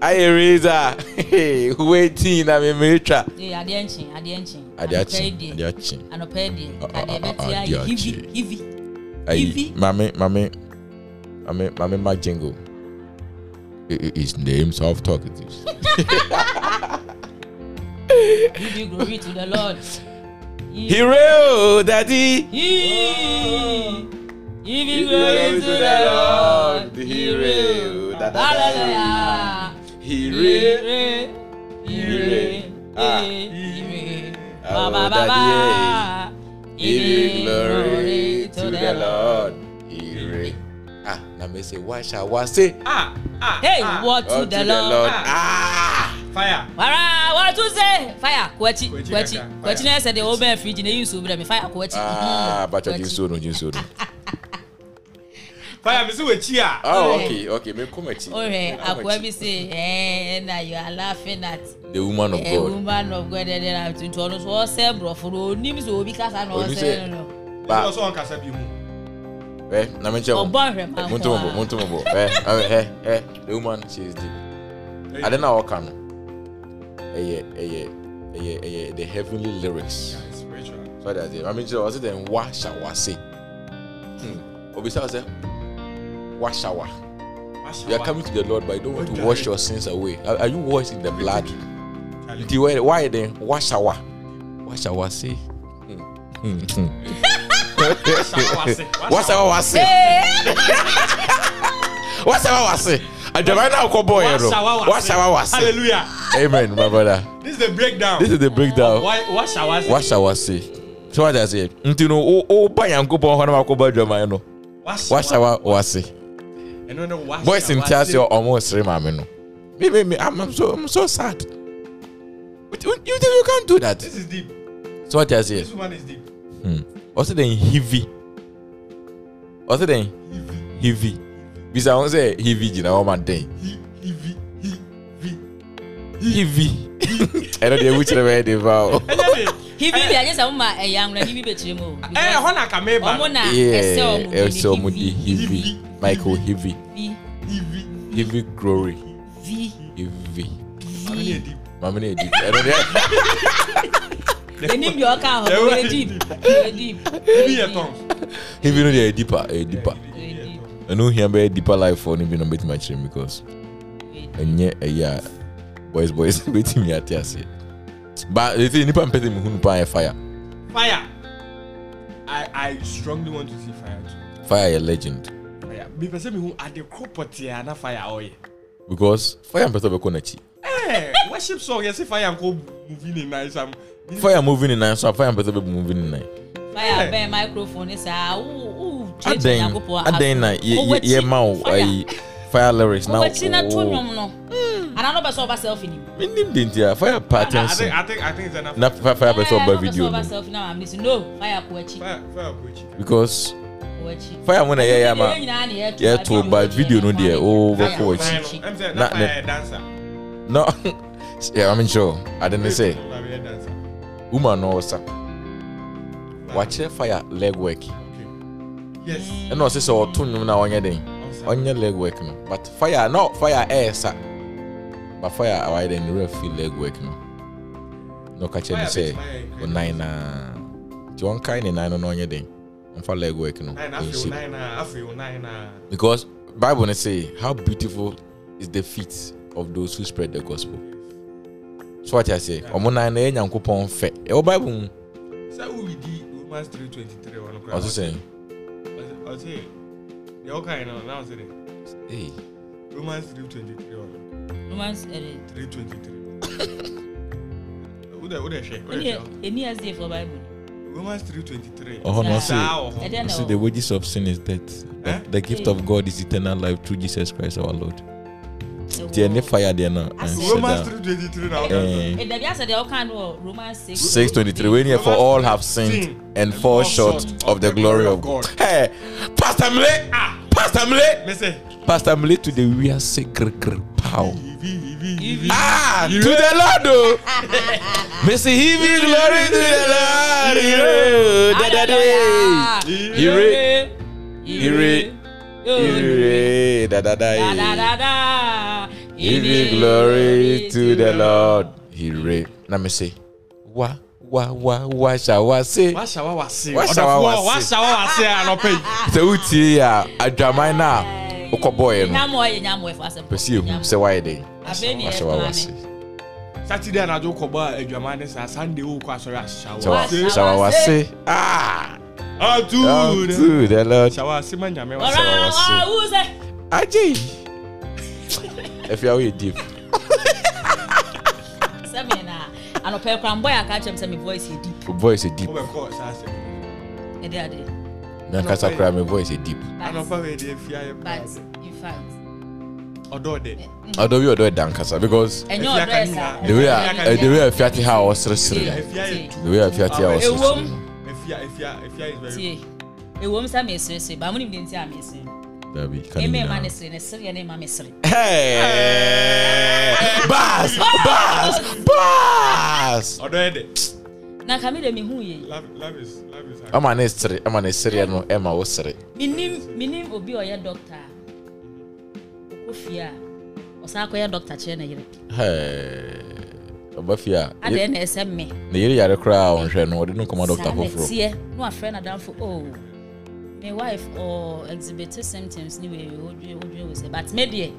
ayɛ razor wetin na memeretwa adeɛ nkyen adeɛ nkyen adeɛ akyen adeɛ akyen anɔpɛ deɛ adeɛ bɛte ayi hivi hivi hivi maame maame maame maame ma jingle his name's off talkative. Give you glory to the Lord. Hero, daddy. He, give you glory to the Lord. Hero, daddy. Hallelujah ire ire ah ire our daddy ire glory to the lord ire ah na me say wa sha wa say ah ah hey ah. what to the lord ah. ah fire wara what to say fire kwachi kwachi kwachi na say the wo fridge na yin so bra me fire kwachi ah bacha jinso no jinso no Fire, me see what chia. Ah, okay, okay. Me come at you. Oh, eh, Akwebi say, eh, na you are laughing at the woman of eh, God. The woman of God, and eh, then I'm to turn us all several for the names of oh, Obikasa and all several. But also on Kasabimu. Eh, na me chama. Obo hwe ma. Muntu mbo, muntu mbo. Eh, eh, eh, eh. The woman she is deep. Hey. I don't know what can. Eh, eh, eh, eh, the heavenly lyrics. Yeah, it's spiritual. So that's it. I mean, was it then? What shall I say? Hmm. Obisa say wash our. Wash you are coming to the Lord, but you don't want to wash your sins away. Are, are you washed in the blood? Why then? Wash our. Wash our see. Hmm, hmm, hmm. Wash our see. Wash our see. Adwamani na akɔ bɔɔl yɛ no wasawa wase hallelujah amen my brother. this is the breakdown. this is the breakdown. wasawa se. wasawa se so wajase nti no o o ba yankun pɔn hɔ na wakɔ bɔ adwamani no wasawa wase boys in tears, you're almost maame no me me me i'm so i'm so sad But you you you can't do that this is deep so what you say this one is deep hmm ɔsɛ den hivi ɔsɛ den hivi bisa wɔn sɛ hivi gyina wɔn ma den hivi heavy, heavy, heavy. I ewu kyerɛ which way fa vow hivi bi anyɛ sɛ woma ɛyɛ awerɛni bi bɛkyerɛ mu ɛhɔ na ka meba ɔmo na ɛsɛ ɔmo di ɛsɛ ɔmo di hivi michael hivi hivi hivi glory hivi maame eh, na edi ɛno deɛ enim deɛ ɔka hɔ edi edi hivi yɛ tɔn hivi no deɛ edi pa edi pa ɛnu hia bɛyɛ deeper life for ne bi na ɔbɛtumi akyerɛ mu because ɛnyɛ ɛyɛ a boys boys bɛtumi ate aseɛ but they say nipa mpɛsɛ mi hu nipa yɛ eh, fire. fire i i strongly want to see fire too. fire yɛ legend. fire mi pɛsɛ mi hu adekoro pɔtɛɛ eh, ana fire ɔyɛ. because fire mpɛsɛ bɛ kɔ n'akyi. ɛɛ eh, worship song yɛ sɛ fire nkɔ movie ne nan sam. fire movie ne nan so fire mpɛsɛ bɛ movie ne nan. fire bɛn microphone saa o o tue tue yankun pɔ a. adan ah, na yɛ yɛ ma o ayi fire lyrics na o o. o ti na to ɲɔmu nɔ and I know person over selfie him. Ndim didn't ya fire party. I think I think I think it's enough. Na fire person over video. Over No fire kuachi. Fire fire kuachi. Because. fire mu na yɛ yɛ ma yɛ to ba video no deɛ o bɛ kɔ akyi na ne no yɛ maame nkyerɛ ade ne sɛ woman no ɔsa wakyerɛ fire leg work ɛna ɔsɛ sɛ ɔto nnwom na ɔnyɛ den ɔnyɛ leg work no but fire no fire ɛɛsa but fire awaayɛ dɛ no refi leg work no na ɔka kyerɛ no sɛ ɔnan na nti ɔnkae ne nan no na ɔnyɛ den ɔmfa leg work no ɔnhyɛ because bible no say how beautiful is the feet of those who spread the gospel so wate ase ɔmo nan na ɛyɛ eh, nyankopɔn fɛ ɛwɔ eh, oh, bible mu ɔso sɛ Romans three twenty 3:23 romans ɛdɛ. Eh, three twenty three. wúdẹ wúdẹ hwẹ wúdẹ hwẹ. eni ẹsẹ for bible. romans three twenty three. ọhọ náà ṣe the wages of sin is death but eh? the gift eh. of God is eternal life through Jesus Christ our Lord. tiɛ ne fire deɛ na eh, eh. Romans six twenty three wey near for all have sinned and fall short of the glory of God. Hey, pastor mle ah. pastor mle pastor mle today we are say Wow. Ah, to the Lord, oh. Missy Evie, glory to the Lord. Ire, ire, ire, da da da. Evie, glory to the Lord. Ire. Let me say, Wa wa wa wa ṣàwa ṣe. wa ṣàwa wa ṣe. wa ṣàwa wa ṣe. wa ṣàwa wa ṣe ànọpẹ yìí. sèwúti àdàmáì náà wokɔbɔɔyɛ nopɛsɛ ɛhu sɛ woayɛ dɛn ahyɛ wawo ase saturday anadwo wokɔbɔ a adwaman ne saa sunday wokɔ asɔre ahyɛwawo ase ahyɛwawo ase ma nyame wase agye afia woyɛ deep anɔpɛ kora mbɔ yɛ aka kyerɛm sɛ me voice yɛ deep voice yɛ deep ɛde ade na nkasa cry my voice deep ɔdɔ mm-hmm. bi ɔdɔ da nkasa because the way a the way a fiate ha ɔseresere the way a fiate ha ɔseresere ewom sa mi eserese baamu ni mi de nti a mi esere. dabi kani nyinaa eme ma ne sere ne sere yɛ ne ma mi sere. baas baas baas. ɔdɔ yɛ de na kame de mehu yɛ ama ne sere ama ne sereɛ no ɛma wo sere menim obi ɔyɛ dɔkta a ɔkɔ fie a ɔsan akɔyɛ dɔkta kyerɛ ne yere ɔba fie a adeɛ na ɛsɛ me ne yere yare koraa a ɔnhwɛ no ɔde no nkɔma dɔkta foforɔ saa nɛteɛ na wafrɛ nadamfo o my wife or exhibited symptoms ni wei odwe odwe wo sɛ but me deɛ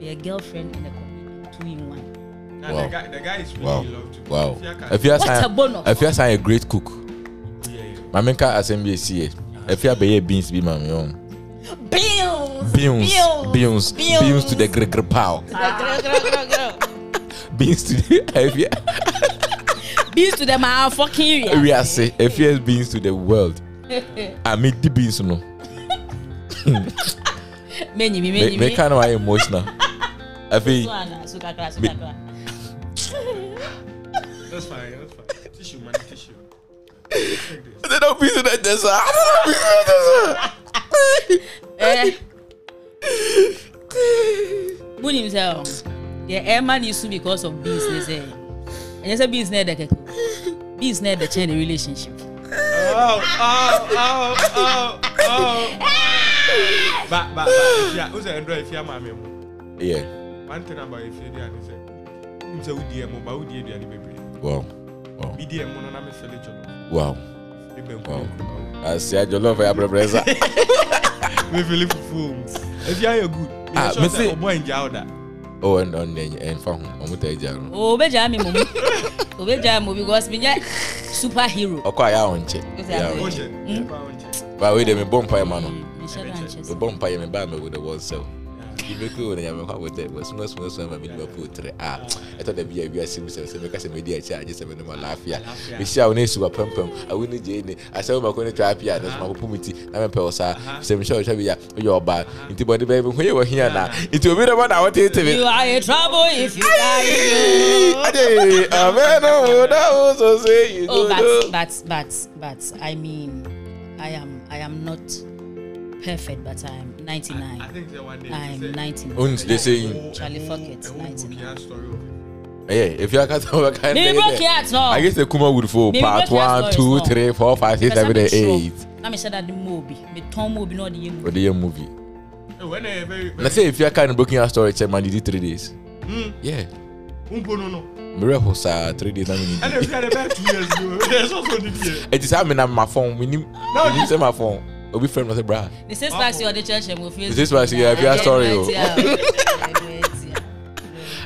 yɛ girlfriend in the community two in one Nah, wow. The guy, the guy is really wow. loved. Wow. If you are what a bonus. If you are a great cook. Yeah, yeah. Maminka assembly see. If you are be beans be my own. Beans. Beans. Beans. Beans to the gr gr pow. Beans to the if you beans to the my fucking area. We are say if you are beans to the world. I mean the beans no. Many, many, many. Make kind of emotional. I feel. That's fine. That's fine. Tissue, man. Tissue. They don't be that desert. I don't be that desert. Boon eh. himself. Eh. The airman used to because of business. Eh? And you say business that business that change the relationship. Oh, oh, oh, oh, oh. But, but, but, yeah, who's the Android if you're my Yeah. One thing about if you're there, he said, who's the ODM, but who's the ODM, baby? wow wow bdm mo na me sele jollof wow wow asi ajollof ya brɛbrɛ sa me feel fufu if you are good ah me say obo enja oda oh and on den en fa ho o mo ta eja no o be ja mi mo o be ja mo because me nya superhero ọkọ aya onche ya onche ba we de me bompa e ma no me bompa e me ba me with the world self liverpool na yamɛ hɔ wɔdɛ wɔ suma suma suma ma mi liverpool tiri a ɛtɔ da bi a wi ase mu sɛm sɛ mɛka sɛ mɛdi akyɛ agye sɛ mɛnum alaafia mehyia wo ne esuwa pɛmpɛm awo ne gyee ne asɛm mako ne twa apia ne soma popo ti na mɛmpɛ wɔ saa sɛ you are a trouble if you die. ade amena wo oh, na wo so say you no oh, but but but i mean i am i am not perfect, but I'm 99. I, I think there were days. I'm 99. Only they say Charlie fuck it, 99. Hey, if you are cutting over kind of thing, I guess the Kuma would fall part one, two, three, four, five, six, seven, eight. Let me say that the movie, the Tom movie, not the movie. Or the movie. When I let's say if you are kind of breaking your story, check man, did it three days. Mm. Yeah. Umpo no no. Mmerɛ hɔ saa three days I mean. ni di. Ɛna fi ade bɛ two years ago. Ɛna ɛsɔ so di di yɛ. Eti saa mi na ma fɔn mi ni mi ni sɛ ma fɔn obi fẹrẹ mi na sẹ bra. the six packs yɛ ɔde kyerɛkyerɛ mu ofin. the six packs yɛ abia story o.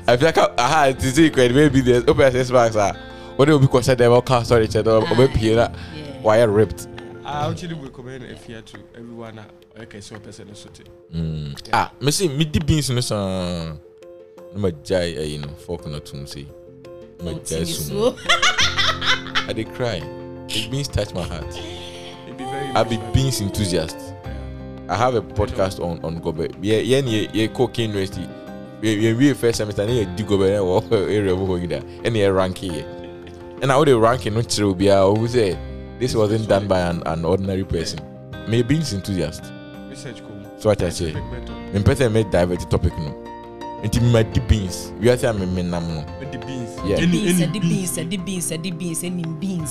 abia ka aha ti si ikọ ẹni bi there open six packs a wọn de obi kọ sẹ dẹm ọka story kyerɛ dẹm ọbẹ pie na wayɛ ripped. ah ọchiri bu ekome na efi atu everyone a ɔyɛ kɛse ɔpɛ sɛ ne so te. Hmm. ah mesi mi di beans no sàn ne ma gya ɛyi eh, no fork na tum se ma oh, gya esum i dey cry the beans touch my heart. I be beans enthusiast. I have a podcast on on gobe. Yeah, yeah, yeah, yeah. Cooking university. Yeah, yeah. First semester, yeah, do gobe. Yeah, well, area we go there. Any yeah, ranking. Yeah. And I would rank in which will be. I would say this wasn't done by an, an ordinary person. Me beans enthusiast. Research cool. So what I say. Me person me divert topic no. nti mma di beans We are wiase a meme nam no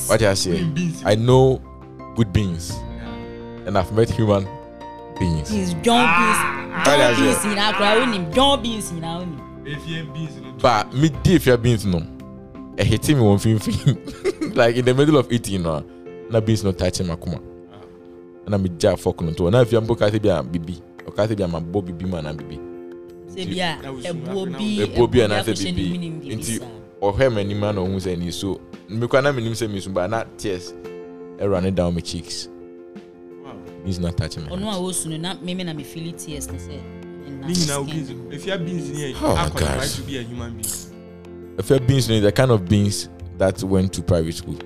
I say. i know good beans and I've met human beings. He's John ah, Beans. John Beans in our own John Beans in our own. But me dear if you're beans no. A hitting me one thing like in the middle of eating no. Na beans not touching my kuma. And I'm a jar fork no to. And ah. if you're book I say be a bibi. Or I say be a bibi man and bibi. Sebi a bobi. A bobi and I say bibi. Into ɔhwɛ m'anim a na ɔhu sɛ ni so mekɔ na menim sɛ mesu baa na tears ɛwura ne down my cheeks beans na touch me. ọ̀nà àwọn oṣù nínú mímí na mi fili tears ní sẹ́. ní nyina o beans efi a beans ni yẹn a qualify to be a human being. efi a beans ni the kind of beans that went to private school.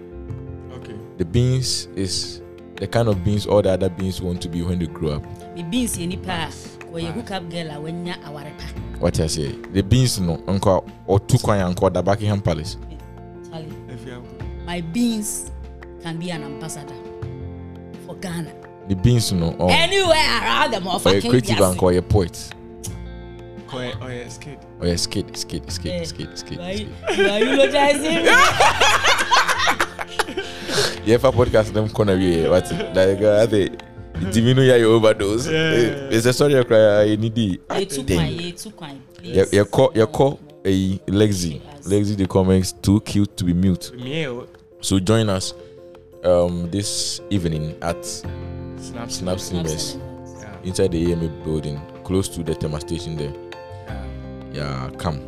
okay. the beans is the kind of beans all the other beans want to be when they grow up. mi beans yẹn ni paa wọ́yẹ hookup girl a wọ́n nya awari pa. wọ́n ti ase the beans no nkọ ọtú kwan yà nkọ da buckingham palace. my beans can be an ambassador for ghana. the beans, you know, or anywhere around them, or, fucking a creative and or a poet. Or a, or a skid. Or a skid, skid, skid, yeah. skid, skid. Why, skid. why you logizing me? yeah, for podcast, them corner here, but like, uh, they. Did you know you overdose? Yeah. It's a story of cry. I need it. It took my, it Your call, your call, a Lexi, Lexi the comments too cute to be mute. Oh. So join us um this evening at Snap, Snap Singers yeah. inside the AMA building, close to the Tema station there. Yeah, yeah come.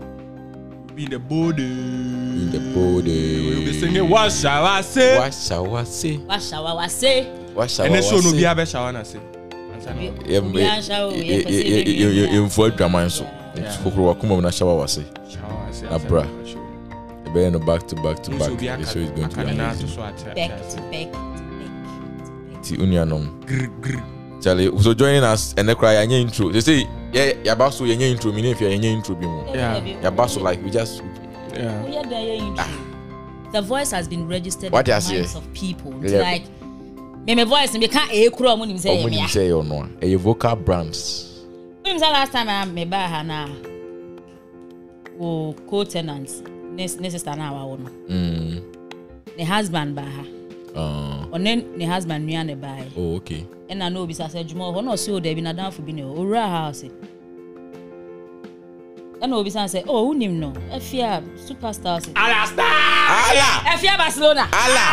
Be in the building. In the building. We'll be singing What shall I say? What shall I say? What shall I say? What shall I say? And so no be have a shall say. yɛmfoɔ adwaman so kokoro wakoma mu no ahyɛ wa wase na bra ɛbɛyɛ no back to back to back the show is going to be amazing back to back ti unuanom kyale so joining us ɛnɛ koraa yɛanyɛ intro they say yɛ yaba so yɛnyɛ intro mi ne fi intro bi mu yaba so like we just. Oh, ah. The voice has been registered what in the minds of people. yeah. like meme voice me ka e kura omo nim say omo oh, nim say yo no a eh, vocal brands omo say last time I ah, me ba ha na o co-tenants ne sister na wa wo no mm The husband ba ha ɔne ah. ne husband nua ne baa yi ɛna na obisa sɛ adwuma wɔ hɔ na ɔsi o dɛbi n'adanfo bi ne hɔ owura house ɛna obisa sɛ o wunim no ɛfia oh, oh, superstar se. ala star ala ɛfia barcelona ala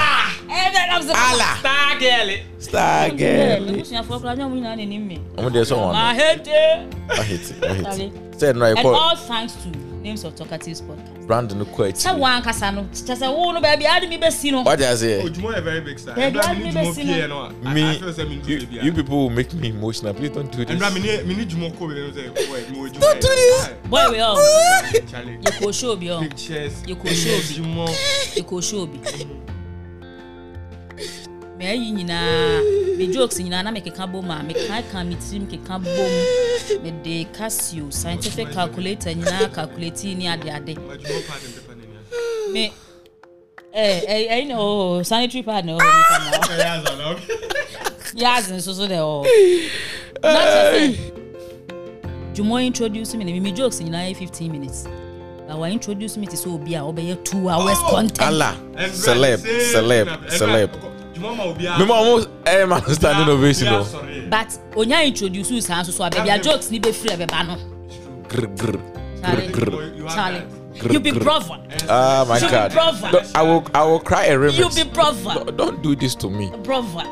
ɛfia ah! barcelona eh, ala star girl star girl ɛmusuafo kura ɔmu nyinaa nani mi. ɔmu de sɔn wɔn na ahete ahete ahete sɛ ɛnura yɛ kɔ and all thanks to names of talkative podcast brand no kɔ akyi. sɛ wɔn ankasa no kyɛ sɛ wo no baabi adi mi bɛ si no. wajɛ ase. ojumo yɛ very big star. baabi mi bɛ si no. me you, people will make me emotional please don't do this. ɛnura mi ni mi ni jumo ko bɛ ne sɛ boy mo jumo. don't do this. boy we all. yɛ ko show bi all. pictures yɛ ko show bi yɛ ko show bi. mɛ ayi nyinaa mi jokes nyinaa na mi keka bom a mi keka mi tirim keka bom mede casio scientific calculator nyinaa calculate ni ade ade me ẹ ẹ ẹyin na o sanitary pad na o mi kàn mọ yaz nsoso na ọ jumo introduce me na mimi jokes nyinaa yẹ fifteen minutes but wa introduce me ti sɛ obi a ɔbɛyɛ two hours oh! content. ala celeb celeb celeb mímọ ọmọ ẹ ma standing ovation o. but onya introduce you san soso abẹbi a jokes ni bẹ firi ẹbẹ ba no. charlie you be brother. ah my god no, i will i will cry a remix. you be brother. No, don't do this to me. brother.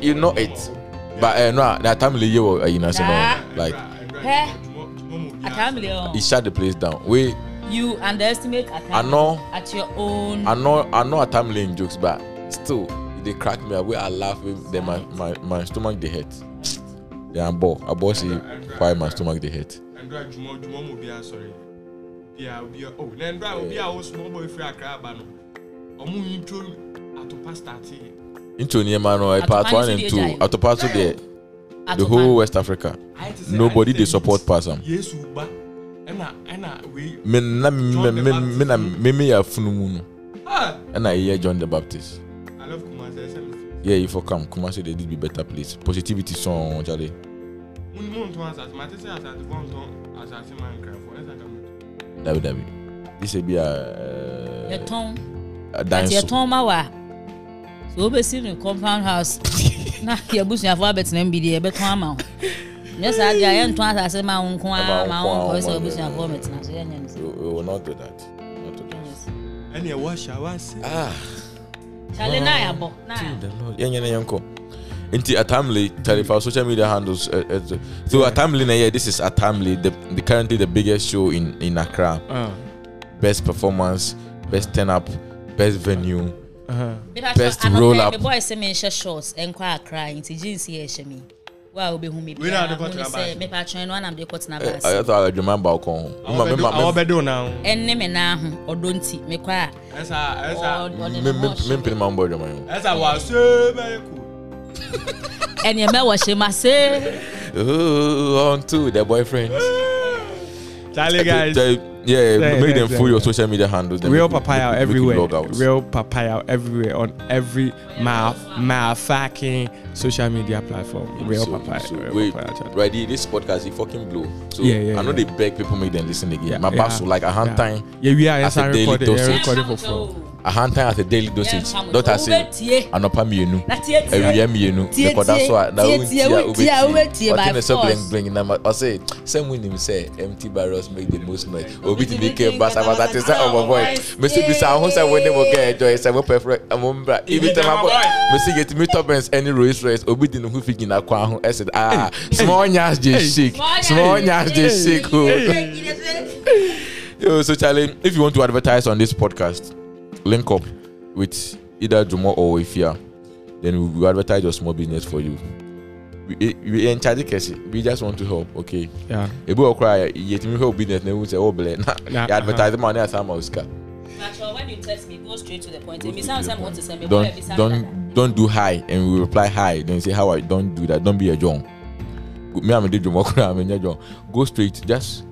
you know it but uh, no na tamale ye wọ ẹyin ase no like. Hey. Eh? He shut the place down. We. You underestimate Atamile. At your own. I know. I know time in jokes, but still they e crack me up. Where I laugh, then my, my, my stomach they hurt. Yeah, I'm bored. I bored. See why my stomach they hurt. Andra Jumo Jumo mo be sorry. Yeah, be oh. Andra will be our small boy free cry, banu. Omu intro ato pasta ti. Intro ni emano e part one and e two. Ato pasta there. The whole West Africa. Nobody they support Pasam. Yes, uba. Ena ena we. Men na men men men na me me ya funu mu no. Ena iye John the Baptist. Yeah, you for come. Kumasi, they did be better place. Positivity song, Charlie. dabi dabi dise bi a. yɛtɔn ati yɛtɔn ma wa so o bɛ si ni compound house na yɛbusuafo abɛtena mu bi deɛ yɛbɛtɔn ama o nyɛ saa deɛ yɛn ntɔn asase ma nko a ma nko sɛ yɛbusuafo abɛtena so yɛn nyɛ we will not do that. Not ɛni wash. ahyɛ awa Ah. Charlie na ya bo. Na. The Lord. Yenye na yenko. Nti Atamli, Charlie for social media handles. Uh, uh, so yeah. Atamli na yeah, this is Atamli, the, the currently the biggest show in in Accra. Uh. Best performance, best turn up, best venue. Uh-huh. Best roll up. Me boy say me shorts and kwa Accra. Nti jeans here she me wa obe hun mi bia me pa twɛn no anam de kɔ tena eh, baasi. ayɛ sɛ adwuma ba ɔkɔn ho. awɔ bɛ di o na ho. ɛne mi na ho ɔdɔ nti mi kɔ a. ɛsa ɛsa mi mpini ma n bɔ adwuma yi. ɛsa wa se bɛ ko. ɛnìyɛn mɛ wɔ se ma se. ooo on to the boyfriend. Dale, guys. They, yeah, yeah, make them fool your social media handles. Real papaya everywhere. Real papaya everywhere on every my fucking social media platform. Real so, papaya. So real wait, papaya This podcast is fucking blue. So yeah, yeah, I know yeah. they beg people make them listen again. Yeah, my yeah, like a hand yeah. time. Yeah, we are. Yes, I recorded. Yeah, recorded for. ahantan ase daily dosage doctor say anɔpa mmienu awia mmienu mekɔda so a na wotia wobɛtie ɔte ne sɛ blengblen na ma. ɔse sɛ monim sɛ empty barrels make the most noise obi tumi ke basabasa te sɛ ɔbɔbɔe mesi bisa ho sɛ wone mo kɛ enjoy sɛ mopɛfrɛ mombra ibi tɛm abɔ mesi yɛtumi tɔbens ɛne rois rois obi de ne ho fi gyina kwan ho ɛsɛ ah small nyas de shake small nyas de shake o oh. yo so Charlie if you want to advertise on this podcast link up with either Jumo or Ifia. Then we will advertise your small business for you. We, eh, we in charge case. We just want to help. Okay. Yeah. If Ebu okra yet me help business. Then we say oh blame. Nah. You Advertise uh-huh. money as I'm Oscar. Natural, when you text me, go straight to the point. If don't don't don't do hi and we reply hi. Then say how I don't do that. Don't be a John. Me I'm a John. Go straight. Just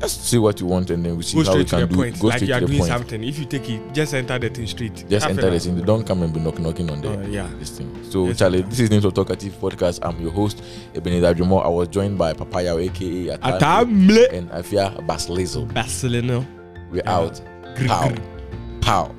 just say what you want and then we see go how we can do point. it. Go like straight you are to the doing point. something. If you take it, just enter the thing straight. Just Half enter the thing. Don't come and be knock, knocking on the uh, yeah. this thing. So yes, Charlie, this is Names Talkative Podcast. I'm your host, Ebenezer Jumo. I was joined by Papaya aka Atamle and Afia Baslezo. Basilino. We're yeah. out. pow. Pow.